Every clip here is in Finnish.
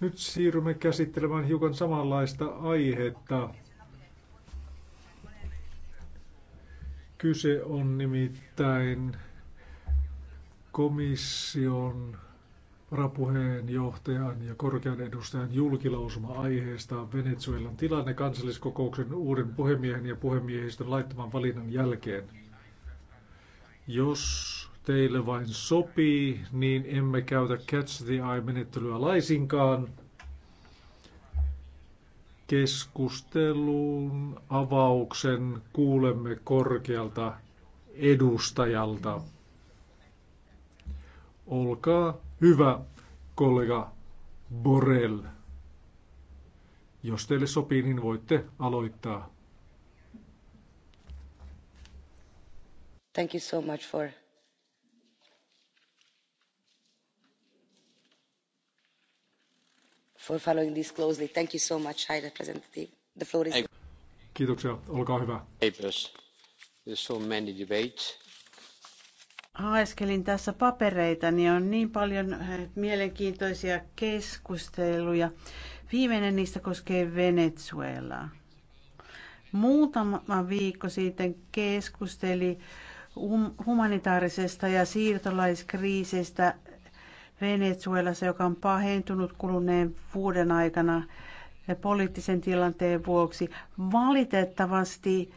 Nyt siirrymme käsittelemään hiukan samanlaista aihetta. Kyse on nimittäin komission varapuheenjohtajan ja korkean edustajan julkilausuma aiheesta Venezuelan tilanne kansalliskokouksen uuden puhemiehen ja puhemiehistön laittoman valinnan jälkeen. Jos teille vain sopii, niin emme käytä catch the eye-menettelyä laisinkaan. Keskustelun avauksen kuulemme korkealta edustajalta. Olkaa hyvä, kollega Borel. Jos teille sopii, niin voitte aloittaa. Thank you so much for for following this closely. Thank you so much, High Representative. The floor is... Kiitoksia. Olkaa hyvä. Papers. There's so many debates. Haeskelin tässä papereita, niin on niin paljon eh, mielenkiintoisia keskusteluja. Viimeinen niistä koskee Venezuelaa. Muutama viikko sitten keskusteli humanitaarisesta ja siirtolaiskriisistä Venezuelassa, joka on pahentunut kuluneen vuoden aikana poliittisen tilanteen vuoksi. Valitettavasti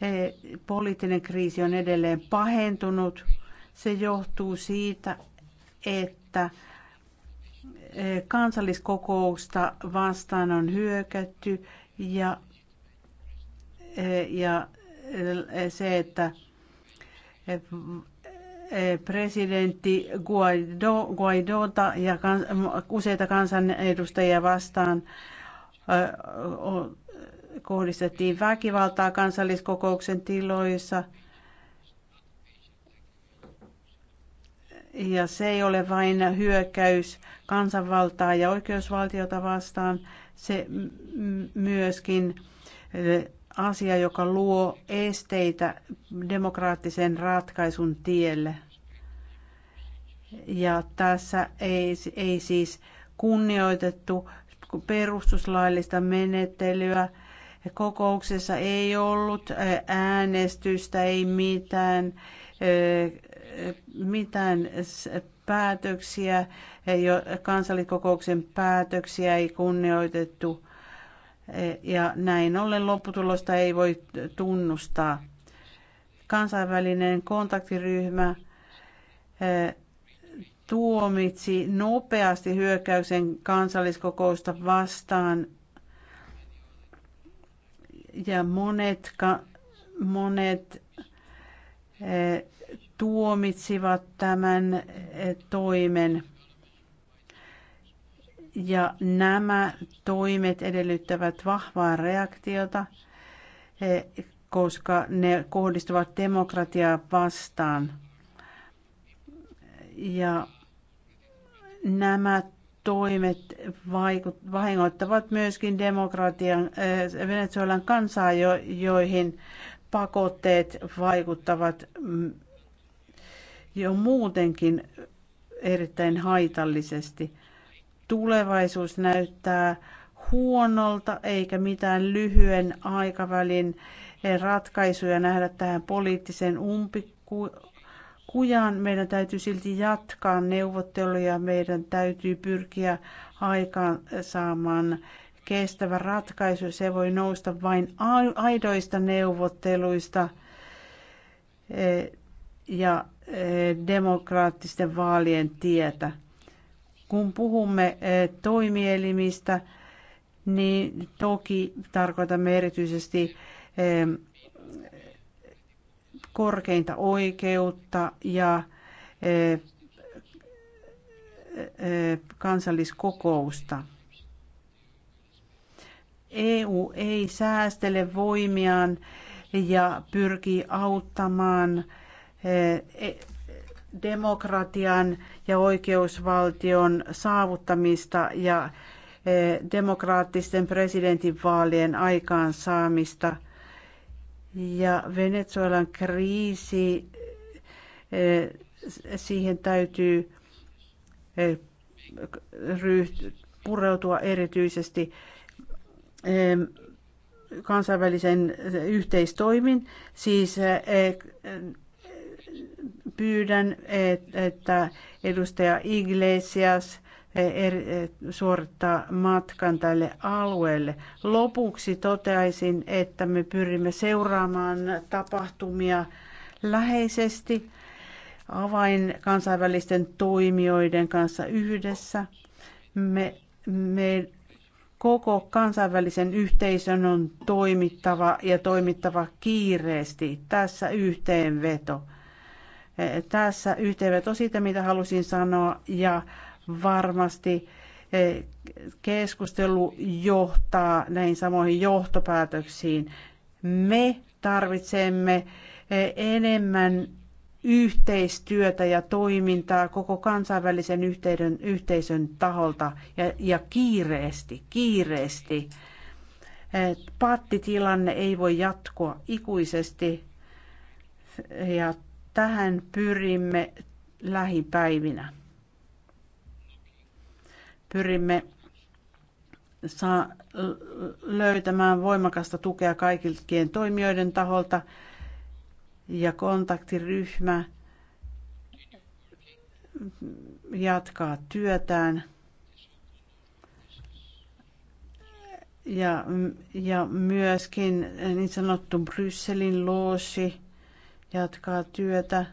eh, poliittinen kriisi on edelleen pahentunut. Se johtuu siitä, että eh, kansalliskokousta vastaan on hyökätty ja, eh, ja se, että presidentti Guaido, Guaidota ja kans, useita kansanedustajia vastaan kohdistettiin väkivaltaa kansalliskokouksen tiloissa. Ja se ei ole vain hyökkäys kansanvaltaa ja oikeusvaltiota vastaan, se myöskin asia, joka luo esteitä demokraattisen ratkaisun tielle. Ja tässä ei, ei siis kunnioitettu perustuslaillista menettelyä. Kokouksessa ei ollut äänestystä, ei mitään, mitään päätöksiä, kansalliskokouksen päätöksiä ei kunnioitettu Eh, ja näin ollen lopputulosta ei voi tunnustaa. Kansainvälinen kontaktiryhmä eh, tuomitsi nopeasti hyökkäyksen kansalliskokousta vastaan ja monet, monet eh, tuomitsivat tämän toimen. Ja nämä toimet edellyttävät vahvaa reaktiota, eh, koska ne kohdistuvat demokratiaa vastaan. Ja nämä toimet vaikut, vahingoittavat myöskin demokratian, eh, Venezuelan kansaa, jo, joihin pakotteet vaikuttavat mm, jo muutenkin erittäin haitallisesti tulevaisuus näyttää huonolta eikä mitään lyhyen aikavälin eh, ratkaisuja nähdä tähän poliittiseen umpikujaan. Meidän täytyy silti jatkaa neuvotteluja, meidän täytyy pyrkiä aikaan saamaan kestävä ratkaisu. Se voi nousta vain aidoista neuvotteluista eh, ja eh, demokraattisten vaalien tietä. Kun puhumme eh, toimielimistä, niin toki tarkoitamme erityisesti eh, korkeinta oikeutta ja eh, kansalliskokousta. EU ei säästele voimiaan ja pyrkii auttamaan demokratian ja oikeusvaltion saavuttamista ja e, demokraattisten presidentinvaalien aikaansaamista. Ja Venezuelan kriisi, e, siihen täytyy e, pureutua erityisesti kansainvälisen yhteistoimin, siis Pyydän, että edustaja Iglesias e, er, e, suorittaa matkan tälle alueelle. Lopuksi toteaisin, että me pyrimme seuraamaan tapahtumia läheisesti avain kansainvälisten toimijoiden kanssa yhdessä. Me, me koko kansainvälisen yhteisön on toimittava ja toimittava kiireesti. Tässä yhteenveto. Tässä yhteenveto siitä, mitä halusin sanoa ja varmasti e, keskustelu johtaa näihin samoihin johtopäätöksiin. Me tarvitsemme e, enemmän yhteistyötä ja toimintaa koko kansainvälisen yhteyden, yhteisön taholta ja, ja kiireesti, kiireesti. E, pattitilanne ei voi jatkua ikuisesti ja Tähän pyrimme lähipäivinä. Pyrimme saa löytämään voimakasta tukea kaikilkien toimijoiden taholta ja kontaktiryhmä jatkaa työtään. Ja, ja myöskin niin sanottu Brysselin loosi jatkaa työtä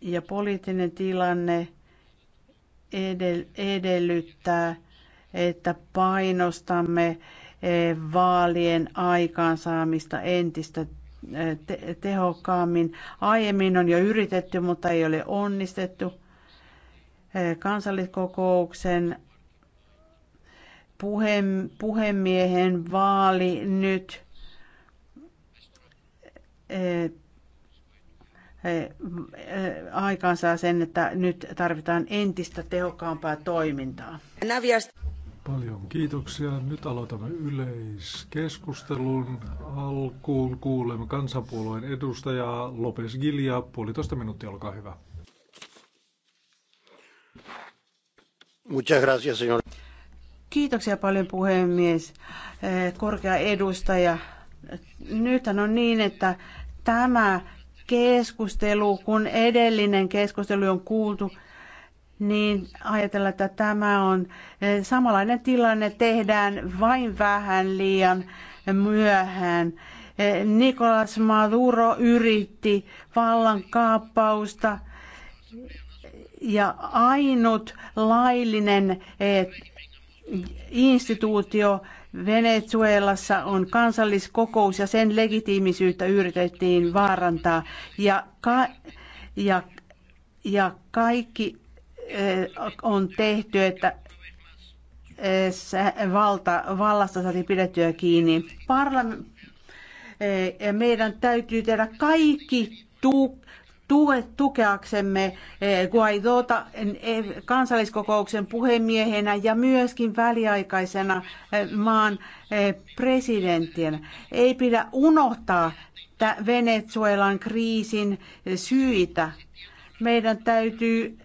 ja poliittinen tilanne edellyttää, että painostamme eh, vaalien aikaansaamista entistä eh, tehokkaammin. Aiemmin on jo yritetty, mutta ei ole onnistettu. Eh, kansalliskokouksen puhemiehen vaali nyt Eh, eh, aikaansaa sen, että nyt tarvitaan entistä tehokkaampaa toimintaa. Paljon kiitoksia. Nyt aloitamme yleiskeskustelun. Alkuun kuulemme kansanpuolueen edustajaa Lopes Gilia. Puolitoista minuuttia, olkaa hyvä. Muchas gracias, señor. Kiitoksia paljon puhemies. Eh, korkea edustaja. Nythän on niin, että tämä keskustelu, kun edellinen keskustelu on kuultu, niin ajatella, että tämä on eh, samanlainen tilanne, tehdään vain vähän liian myöhään. Eh, Nicolas Maduro yritti vallankaappausta eh, ja ainut laillinen instituutio Venezuelassa on kansalliskokous ja sen legitiimisyyttä yritettiin vaarantaa. Ja, ka- ja, ja kaikki eh, on tehty, että eh, valta, vallasta saatiin pidettyä kiinni. Parlam- eh, meidän täytyy tehdä kaikki tu- tukeaksemme eh, Guaidota eh, kansalliskokouksen puhemiehenä ja myöskin väliaikaisena eh, maan presidenttinä. Ei pidä unohtaa Venezuelan kriisin syitä. Meidän täytyy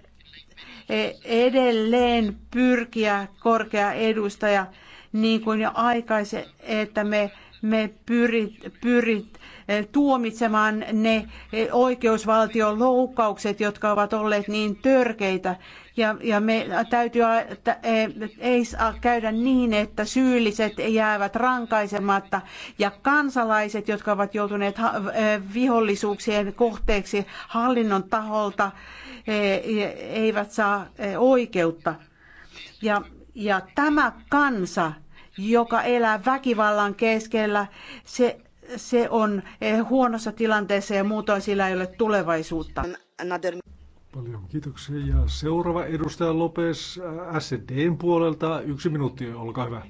edelleen pyrkiä korkea edustaja, niin kuin jo aikaisemmin, että me, me pyrit, pyrit Eh, tuomitsemaan ne eh, oikeusvaltion loukkaukset, jotka ovat olleet niin törkeitä. Ja, ja me täytyy, että eh, ei saa käydä niin, että syylliset jäävät rankaisematta ja kansalaiset, jotka ovat joutuneet vihollisuuksien kohteeksi hallinnon taholta, eivät saa oikeutta. Ja, ja tämä kansa, joka elää väkivallan keskellä, se se on eh, huonossa tilanteessa ja muutoin sillä ei ole tulevaisuutta. Paljon kiitoksia. Ja seuraava edustaja Lopes äh, SDn puolelta. Yksi minuutti, olkaa hyvä.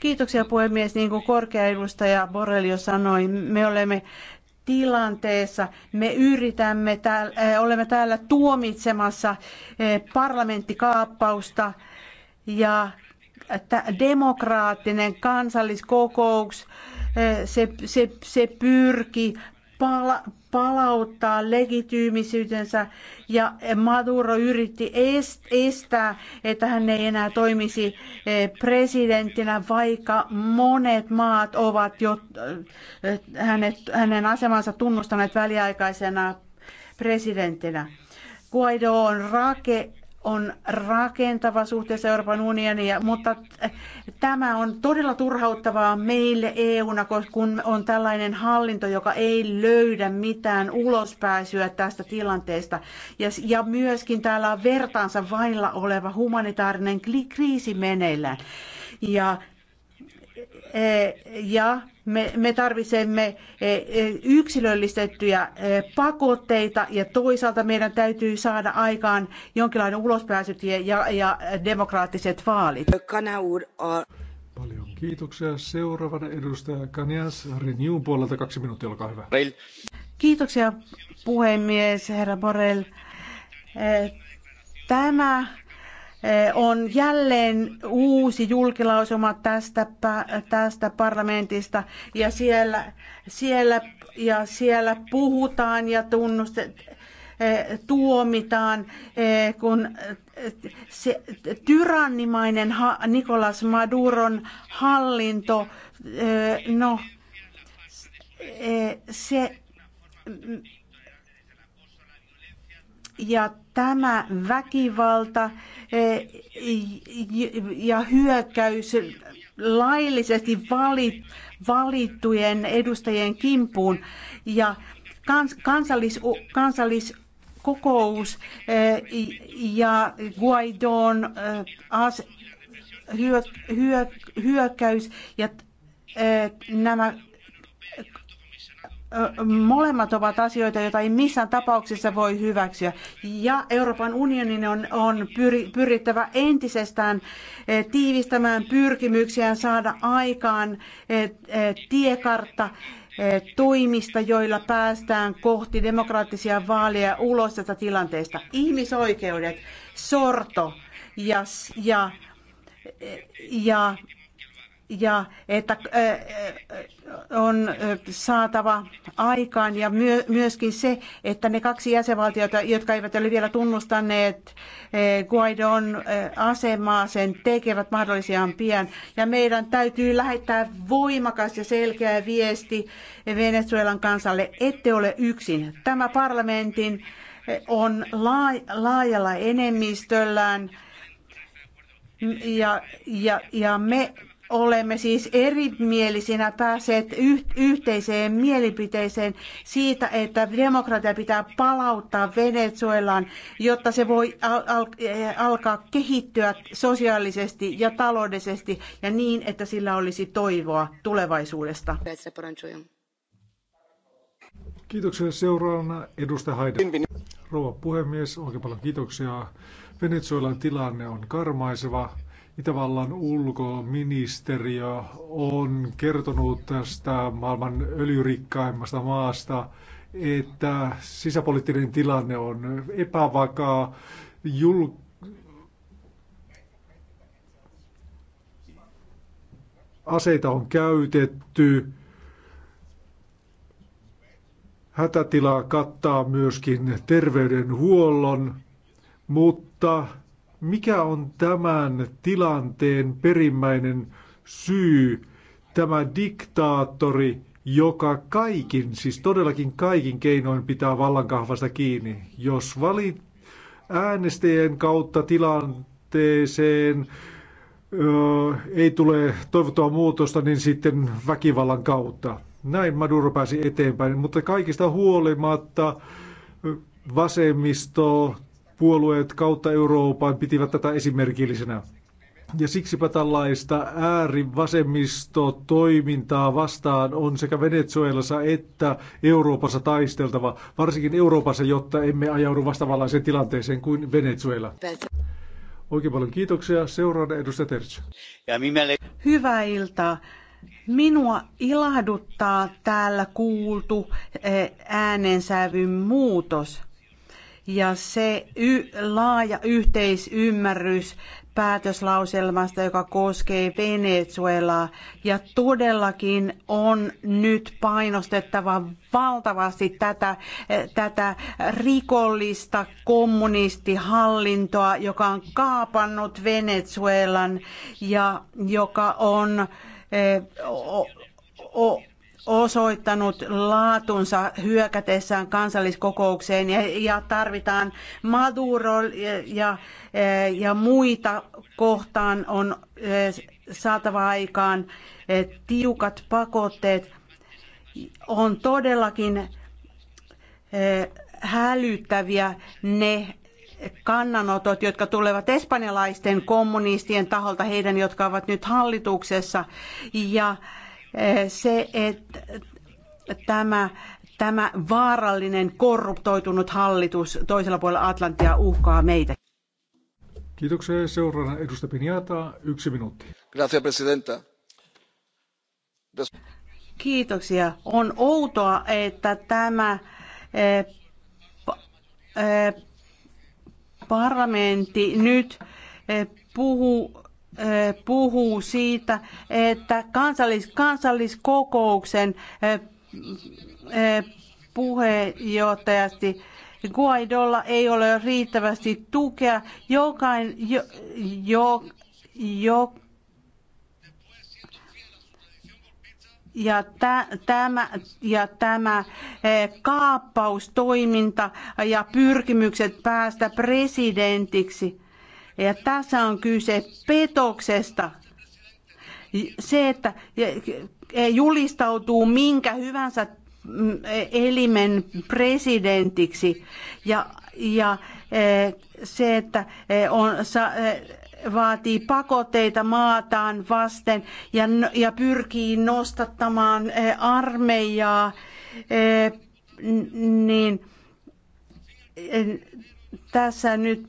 Kiitoksia puhemies. Niin kuin korkea edustaja Borrelio sanoi, me olemme tilanteessa. Me yritämme, täällä, eh, olemme täällä tuomitsemassa eh, parlamenttikaappausta ja demokraattinen kansalliskokous se, se, se pyrki pala, palauttaa legitiimisyytensä ja Maduro yritti estää, että hän ei enää toimisi presidenttinä, vaikka monet maat ovat jo hänet, hänen asemansa tunnustaneet väliaikaisena presidenttinä. Guaido on rake, on rakentava suhteessa Euroopan unioniin, mutta tämä on todella turhauttavaa meille EUna, kun on tällainen hallinto, joka ei löydä mitään ulospääsyä tästä tilanteesta. Ja, ja myöskin täällä on vertaansa vailla oleva humanitaarinen kriisi meneillään. Ja, e- ja me, me tarvitsemme e, e, yksilöllistettyjä e, pakotteita ja toisaalta meidän täytyy saada aikaan jonkinlainen ulospääsytie ja, ja demokraattiset vaalit. Paljon kiitoksia. Seuraavana edustaja Kanias Renewn puolelta kaksi minuuttia, olkaa hyvä. Kiitoksia puhemies, herra Borrell. Tämä Eh, on jälleen uusi julkilausuma tästä, tästä parlamentista ja siellä, siellä, ja siellä puhutaan ja tunnustetaan eh, tuomitaan, eh, kun se tyrannimainen Nicolas Maduron hallinto, no se ja tämä väkivalta eh, ja hyökkäys laillisesti valittujen edustajien kimpuun ja kansallis, kansalliskokous eh, ja Guaidon eh, hyökkäys ja nämä molemmat ovat asioita, joita ei missään tapauksessa voi hyväksyä. Ja Euroopan unionin on, on pyri, pyrittävä entisestään e, tiivistämään pyrkimyksiään saada aikaan e, e, tiekartta toimista, joilla päästään kohti demokraattisia vaaleja ulos tästä tilanteesta. Ihmisoikeudet, sorto ja, ja, ja ja että äh, äh, on äh, saatava aikaan ja myöskin se, että ne kaksi jäsenvaltiota, jotka eivät ole vielä tunnustaneet Guaidon asemaa, sen tekevät mahdollisimman pian. Ja meidän täytyy lähettää voimakas ja selkeä viesti Venezuelan kansalle, ette ole yksin. Tämä parlamentin on laajalla enemmistöllään ja, ja, ja me olemme siis erimielisinä päässeet yhteiseen mielipiteeseen siitä, että demokratia pitää palauttaa Venezuelaan, jotta se voi eh, alkaa kehittyä sosiaalisesti ja taloudellisesti ja niin, että sillä olisi toivoa tulevaisuudesta. Kiitoksia seuraavana edustaja Haide. Rouva puhemies, oikein paljon kiitoksia. Venezuelan tilanne on karmaiseva Itävallan ulkoministeriö on kertonut tästä maailman öljyrikkaimmasta maasta, että sisäpoliittinen tilanne on epävakaa, jul... aseita on käytetty, hätätila kattaa myöskin terveydenhuollon, mutta mikä on tämän tilanteen perimmäinen syy? Tämä diktaattori, joka kaikin, siis todellakin kaikin keinoin pitää vallankahvasta kiinni. Jos valit äänestäjien kautta tilanteeseen ö, ei tule toivottua muutosta, niin sitten väkivallan kautta. Näin Maduro pääsi eteenpäin, mutta kaikista huolimatta vasemmisto puolueet kautta Euroopan pitivät tätä esimerkillisenä. Ja siksipä tällaista äärivasemmistotoimintaa vastaan on sekä Venezuelassa että Euroopassa taisteltava, varsinkin Euroopassa, jotta emme ajaudu vastaavanlaiseen tilanteeseen kuin Venezuela. Oikein paljon kiitoksia. Seuraavana edustaja Terts. Hyvää iltaa. Minua ilahduttaa täällä kuultu eh, äänensävyn muutos ja se y- laaja yhteisymmärrys päätöslauselmasta, joka koskee Venezuelaa. Ja todellakin on nyt painostettava valtavasti tätä, tätä rikollista kommunistihallintoa, joka on kaapannut Venezuelan ja joka on eh, o, o, osoittanut laatunsa hyökätessään kansalliskokoukseen ja, ja tarvitaan Maduro ja, ja eh, muita kohtaan on eh, saatava aikaan eh, tiukat pakotteet. On todellakin hälyttäviä ne kannanotot, jotka tulevat espanjalaisten kommunistien taholta, heidän, jotka ovat nyt hallituksessa. Ja Eh, se, että tämä, tämä vaarallinen korruptoitunut hallitus toisella puolella Atlantia uhkaa meitä. Kiitoksia. Seuraavana edustaja Piniata, yksi minuutti. Gracias, presidenta. Kiitoksia. On outoa, että tämä eh, eh, parlamentti nyt eh, puhuu puhuu siitä, että kansallis, kansalliskokouksen puheenjohtajasti Guaidolla ei ole riittävästi tukea. Jokain, jo, jo, ja, tä, tämä, ja tämä kaappaustoiminta ja pyrkimykset päästä presidentiksi ja tässä on kyse petoksesta. Se, että e, julistautuu minkä hyvänsä mm, e, elimen presidentiksi ja, ja e, se, että on, sa, vaatii pakotteita maataan vasten ja, ja pyrkii nostattamaan armeijaa, niin tässä nyt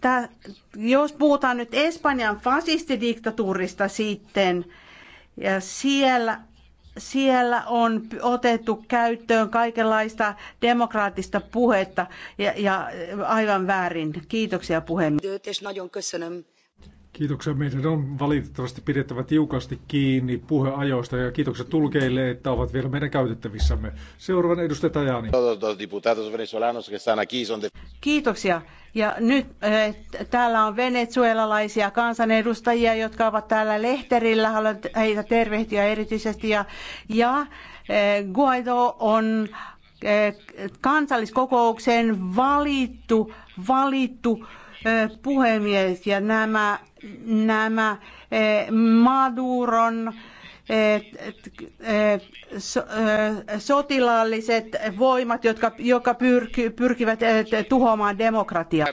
Tää, jos puhutaan nyt Espanjan fasistidiktatuurista sitten, ja siellä, siellä on otettu käyttöön kaikenlaista demokraattista puhetta ja, ja aivan väärin. Kiitoksia puhemies. Kiitoksia. Meidän on valitettavasti pidettävä tiukasti kiinni puheajoista ja kiitokset tulkeille, että ovat vielä meidän käytettävissämme. Seuraavan edustaja Tajani. Kiitoksia. Ja nyt eh, täällä on venezuelalaisia kansanedustajia, jotka ovat täällä lehterillä. Haluan heitä tervehtiä erityisesti. Ja, ja eh, Guaido on eh, kansalliskokoukseen valittu, valittu puhemies ja nämä nämä eh, Maduron eh, eh, sotilaalliset voimat, jotka, jotka pyrkivät tuhoamaan demokratiaa.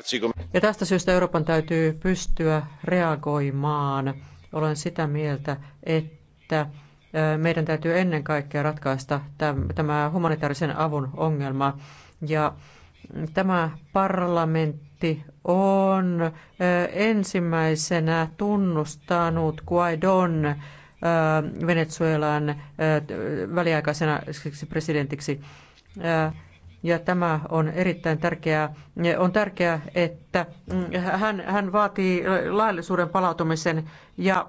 Ja tästä syystä Euroopan täytyy pystyä reagoimaan. Olen sitä mieltä, että meidän täytyy ennen kaikkea ratkaista tämä humanitaarisen avun ongelma. Ja mm, tämä parlamentti presidentti on ensimmäisenä tunnustanut Guaidon Venezuelan väliaikaisena presidentiksi. Ja tämä on erittäin tärkeää. On tärkeää, että mm, hän, hän vaatii laillisuuden palautumisen ja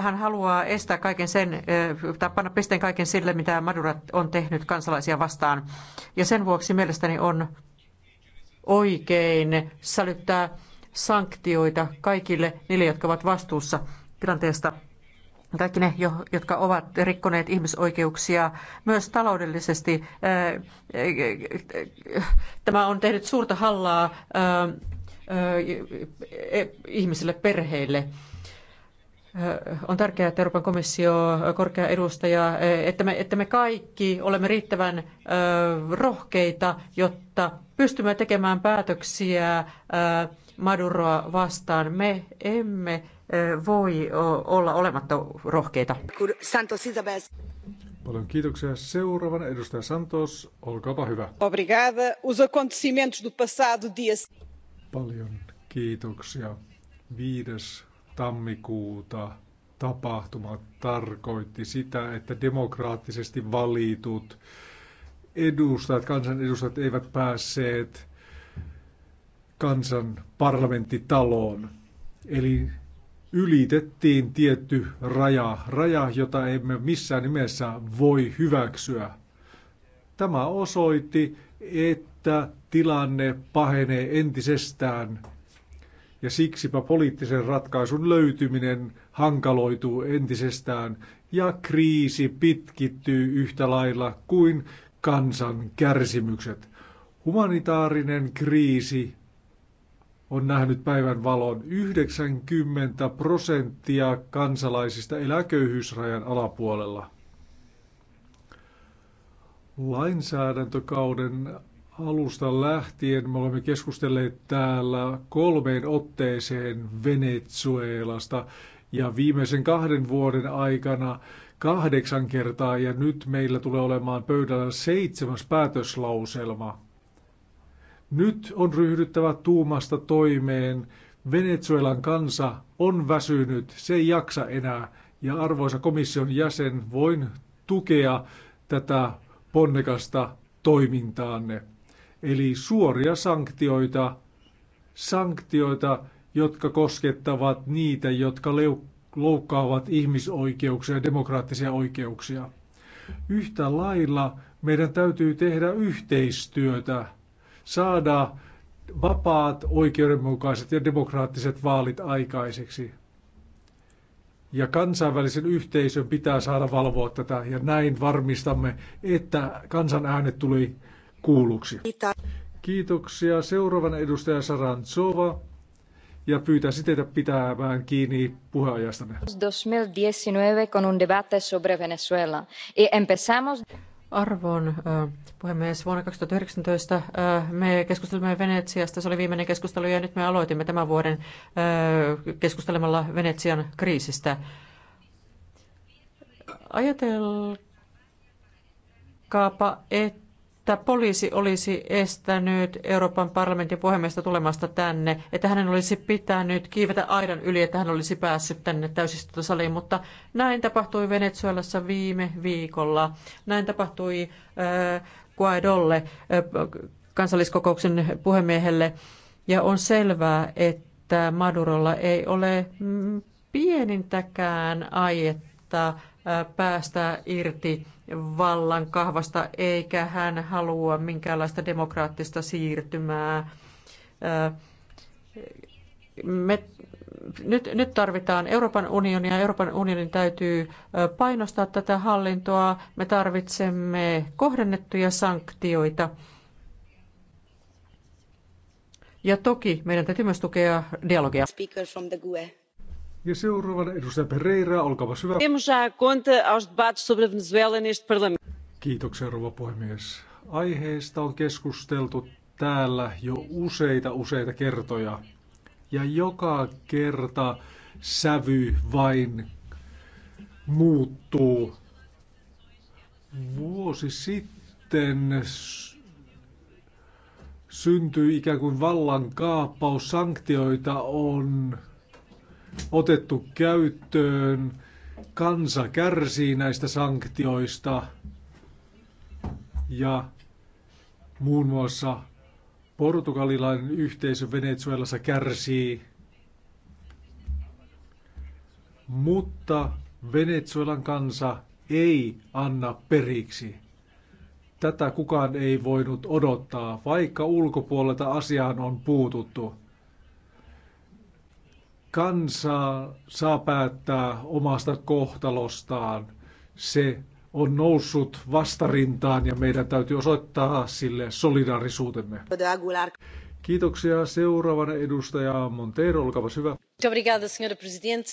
hän haluaa estää kaiken sen, tai panna pisteen kaiken sille, mitä Madurat on tehnyt kansalaisia vastaan. Ja sen vuoksi mielestäni on oikein sälyttää sanktioita kaikille niille, jotka ovat vastuussa tilanteesta. Kaikki ne, jotka ovat rikkoneet ihmisoikeuksia myös taloudellisesti. Tämä on tehnyt suurta hallaa ihmisille, perheille on tärkeää, että Euroopan komissio, korkea edustaja, että me, että me kaikki olemme riittävän rohkeita, jotta pystymme tekemään päätöksiä Maduroa vastaan. Me emme voi olla olematta rohkeita. Santos Isabel. Paljon kiitoksia. Seuraavana edustaja Santos, olkaapa hyvä. Obrigada. Os acontecimentos do passado dia... Paljon kiitoksia. Viides tammikuuta tapahtuma tarkoitti sitä, että demokraattisesti valitut edustajat, kansanedustajat eivät päässeet kansan parlamenttitaloon. Eli ylitettiin tietty raja, raja, jota emme missään nimessä voi hyväksyä. Tämä osoitti, että tilanne pahenee entisestään ja siksipä poliittisen ratkaisun löytyminen hankaloituu entisestään ja kriisi pitkittyy yhtä lailla kuin kansan kärsimykset. Humanitaarinen kriisi on nähnyt päivän valon. 90 prosenttia kansalaisista elää köyhyysrajan alapuolella. Lainsäädäntökauden alusta lähtien me olemme keskustelleet täällä kolmeen otteeseen Venezuelasta ja viimeisen kahden vuoden aikana kahdeksan kertaa ja nyt meillä tulee olemaan pöydällä seitsemäs päätöslauselma. Nyt on ryhdyttävä tuumasta toimeen. Venezuelan kansa on väsynyt, se ei jaksa enää. Ja arvoisa komission jäsen, voin tukea tätä ponnekasta toimintaanne. Eli suoria sanktioita, sanktioita, jotka koskettavat niitä, jotka loukkaavat ihmisoikeuksia ja demokraattisia oikeuksia. Yhtä lailla meidän täytyy tehdä yhteistyötä, saada vapaat, oikeudenmukaiset ja demokraattiset vaalit aikaiseksi. Ja kansainvälisen yhteisön pitää saada valvoa tätä ja näin varmistamme, että kansan äänet tuli kuulluksi. Kiitoksia. Seuraavana edustaja Sarantsova ja pyytäisi teitä pitämään kiinni puheajastanne. 2019 con un debate sobre Arvon puhemies, vuonna 2019 me keskustelimme Venetsiasta, se oli viimeinen keskustelu ja nyt me aloitimme tämän vuoden keskustelemalla Venetsian kriisistä. Ajatelkaapa, että että poliisi olisi estänyt Euroopan parlamentin puhemiestä tulemasta tänne, että hänen olisi pitänyt kiivetä aidan yli, että hän olisi päässyt tänne täysistuntosaliin, mutta näin tapahtui Venezuelassa viime viikolla. Näin tapahtui äh, Guaidolle, äh, kansalliskokouksen puhemiehelle, ja on selvää, että Madurolla ei ole mm, pienintäkään aietta yrittää päästä irti vallan kahvasta, eikä hän halua minkäänlaista demokraattista siirtymää. Me, nyt, nyt tarvitaan Euroopan unionia. Euroopan unionin täytyy painostaa tätä hallintoa. Me tarvitsemme kohdennettuja sanktioita. Ja toki meidän täytyy myös tukea dialogia. Speaker from the GUE. Ja seuraavana edustaja Pereira, hyvä. Kiitoksia, rouva puhemies. Aiheesta on keskusteltu täällä jo useita useita kertoja. Ja joka kerta sävy vain muuttuu. Vuosi sitten syntyi ikään kuin vallankaappaus. Sanktioita on otettu käyttöön. Kansa kärsii näistä sanktioista ja muun muassa portugalilainen yhteisö Venezuelassa kärsii. Mutta Venezuelan kansa ei anna periksi. Tätä kukaan ei voinut odottaa, vaikka ulkopuolelta asiaan on puututtu kansa saa päättää omasta kohtalostaan. Se on noussut vastarintaan ja meidän täytyy osoittaa sille solidaarisuutemme. Kiitoksia. Seuraavana edustaja Monteiro, olkaa hyvä. Obrigada, senhora presidente.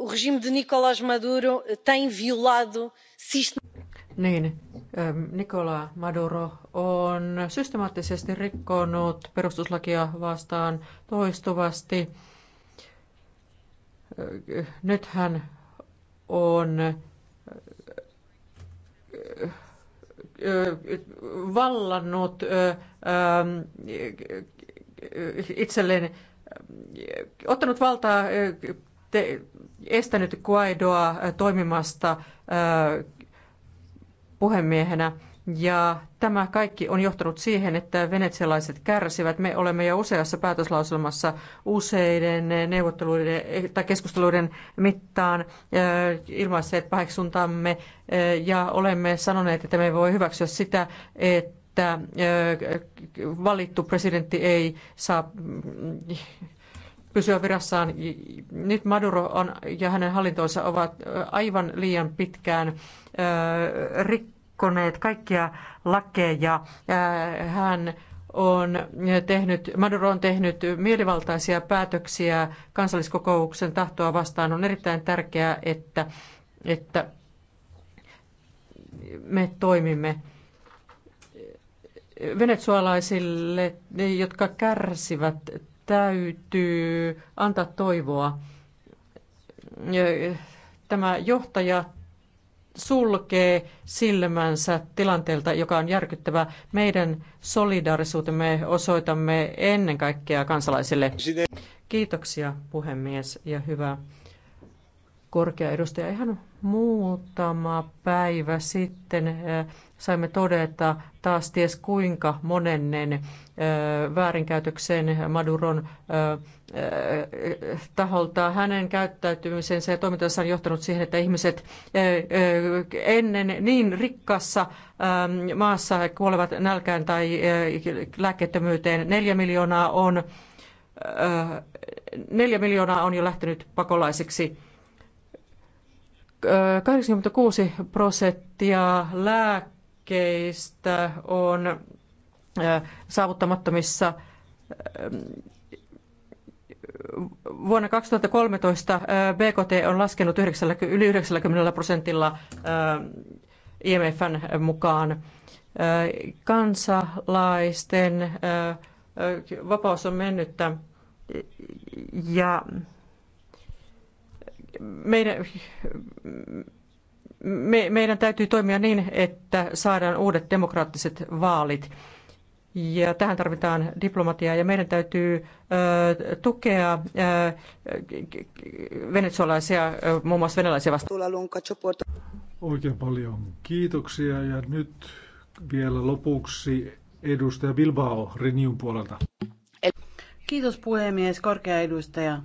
O regime de Nicolás Maduro tem violado niin, ehm, Nicola Maduro on systemaattisesti rikkonut perustuslakia vastaan toistuvasti nythän on äh, vallannut äh, äh, itselleen, ottanut valtaa, estänyt Guaidoa toimimasta puhemiehenä. Ja tämä kaikki on johtanut siihen, että venetsialaiset kärsivät. Me olemme jo useassa päätöslauselmassa useiden neuvotteluiden eh, tai keskusteluiden mittaan eh, ilmaisseet paheksuntamme eh, ja olemme sanoneet, että me ei voi hyväksyä sitä, että valittu presidentti ei saa mm, pysyä virassaan. Nyt Maduro on, ja hänen hallintonsa ovat aivan liian pitkään rikki rikkoneet kaikkia lakeja. Äh, hän on tehnyt, Maduro on tehnyt mielivaltaisia päätöksiä kansalliskokouksen tahtoa vastaan. On erittäin tärkeää, että, että me toimimme venezuelaisille, jotka kärsivät, täytyy antaa toivoa. Tämä johtaja sulkee silmänsä tilanteelta, joka on järkyttävä. Meidän solidaarisuutemme osoitamme ennen kaikkea kansalaisille. Kiitoksia puhemies ja hyvää korkea edustaja. Ihan muutama päivä sitten äh, saimme todeta taas ties kuinka monennen äh, väärinkäytöksen Maduron äh, taholta. Hänen käyttäytymisensä ja toimintansa on johtanut siihen, että ihmiset ennen niin rikkassa ähm, maassa kuolevat nälkään tai lääkettömyyteen. Neljä miljoonaa on, neljä miljoonaa on jo lähtenyt pakolaisiksi 86 prosenttia lääkkeistä on saavuttamattomissa vuonna 2013 BKT on laskenut 90, yli 90 prosentilla IMFn mukaan. Kansalaisten vapaus on mennyttä ja meidän, me, meidän täytyy toimia niin, että saadaan uudet demokraattiset vaalit. Ja tähän tarvitaan diplomatiaa ja meidän täytyy ö, tukea ö, venezuelaisia, ö, muun muassa venäläisiä vastaan. Oikein paljon kiitoksia ja nyt vielä lopuksi edustaja Bilbao Renewn puolelta. Kiitos puhemies, korkea edustaja.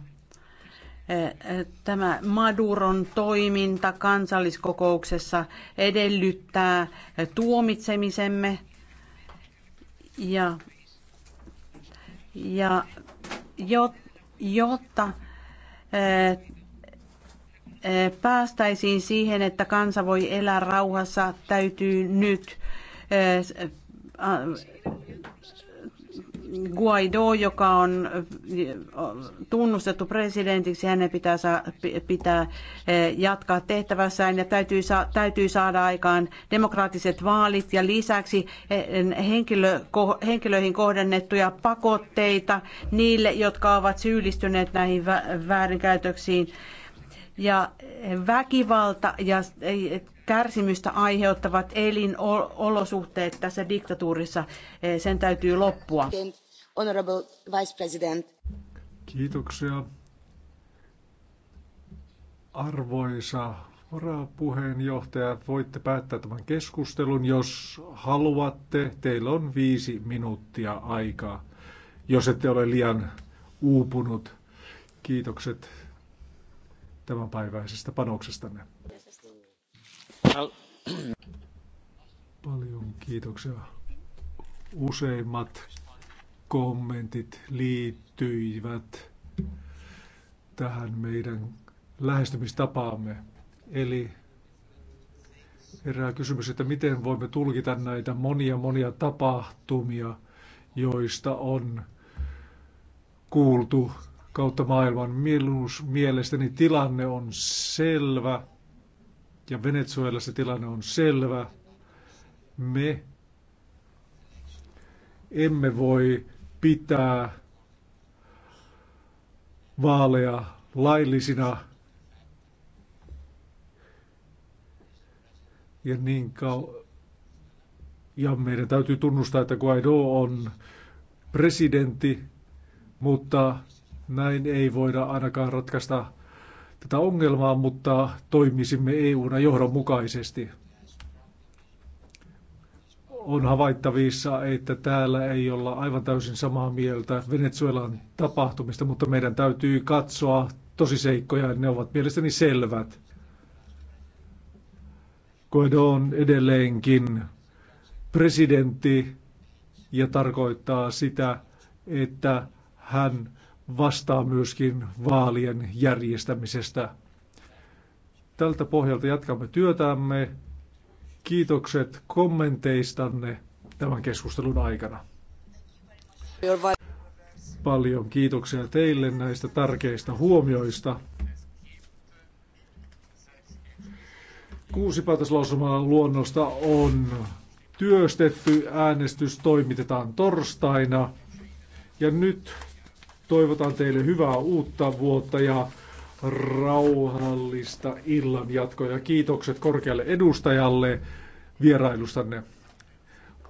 Tämä Maduron toiminta kansalliskokouksessa edellyttää tuomitsemisemme ja, ja jotta eh, eh, päästäisiin siihen, että kansa voi elää rauhassa, täytyy nyt eh, Guaido, joka on eh, tunnustettu presidentiksi, hänen pitää, saa, pitää eh, jatkaa tehtävässään ja täytyy, saa, täytyy saada aikaan demokraattiset vaalit ja lisäksi eh, henkilö, henkilöihin kohdennettuja pakotteita niille, jotka ovat syyllistyneet näihin väärinkäytöksiin ja väkivalta ja kärsimystä aiheuttavat elinolosuhteet tässä diktatuurissa, e, sen täytyy loppua. Kiitoksia. Arvoisa varapuheenjohtaja, voitte päättää tämän keskustelun. Jos haluatte, teillä on viisi minuuttia aikaa, jos ette ole liian uupunut. Kiitokset tämänpäiväisestä panoksestanne. Paljon kiitoksia. Useimmat kommentit liittyivät tähän meidän lähestymistapaamme. Eli herää kysymys, että miten voimme tulkita näitä monia monia tapahtumia, joista on kuultu kautta maailman. Mielestäni tilanne on selvä ja Venezuelassa tilanne on selvä. Me emme voi pitää vaaleja laillisina ja niin kau- ja meidän täytyy tunnustaa, että Guaido on presidentti, mutta näin ei voida ainakaan ratkaista tätä ongelmaa, mutta toimisimme EUna johdonmukaisesti. On havaittavissa, että täällä ei olla aivan täysin samaa mieltä Venezuelan tapahtumista, mutta meidän täytyy katsoa tosiseikkoja, ne ovat mielestäni selvät. Guaido on edelleenkin presidentti ja tarkoittaa sitä, että hän vastaa myöskin vaalien järjestämisestä. Tältä pohjalta jatkamme työtämme. Kiitokset kommenteistanne tämän keskustelun aikana. Paljon kiitoksia teille näistä tärkeistä huomioista. Kuusi päätöslausumaa luonnosta on työstetty. Äänestys toimitetaan torstaina. Ja nyt Toivotan teille hyvää uutta vuotta ja rauhallista illan jatkoa ja kiitokset korkealle edustajalle vierailustanne.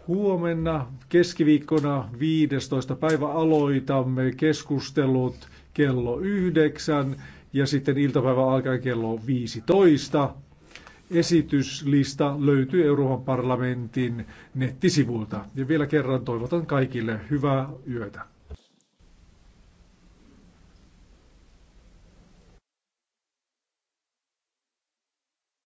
Huomenna keskiviikkona 15. päivä aloitamme keskustelut kello 9 ja sitten iltapäivä alkaa kello 15. Esityslista löytyy Euroopan parlamentin nettisivuilta. Ja vielä kerran toivotan kaikille hyvää yötä.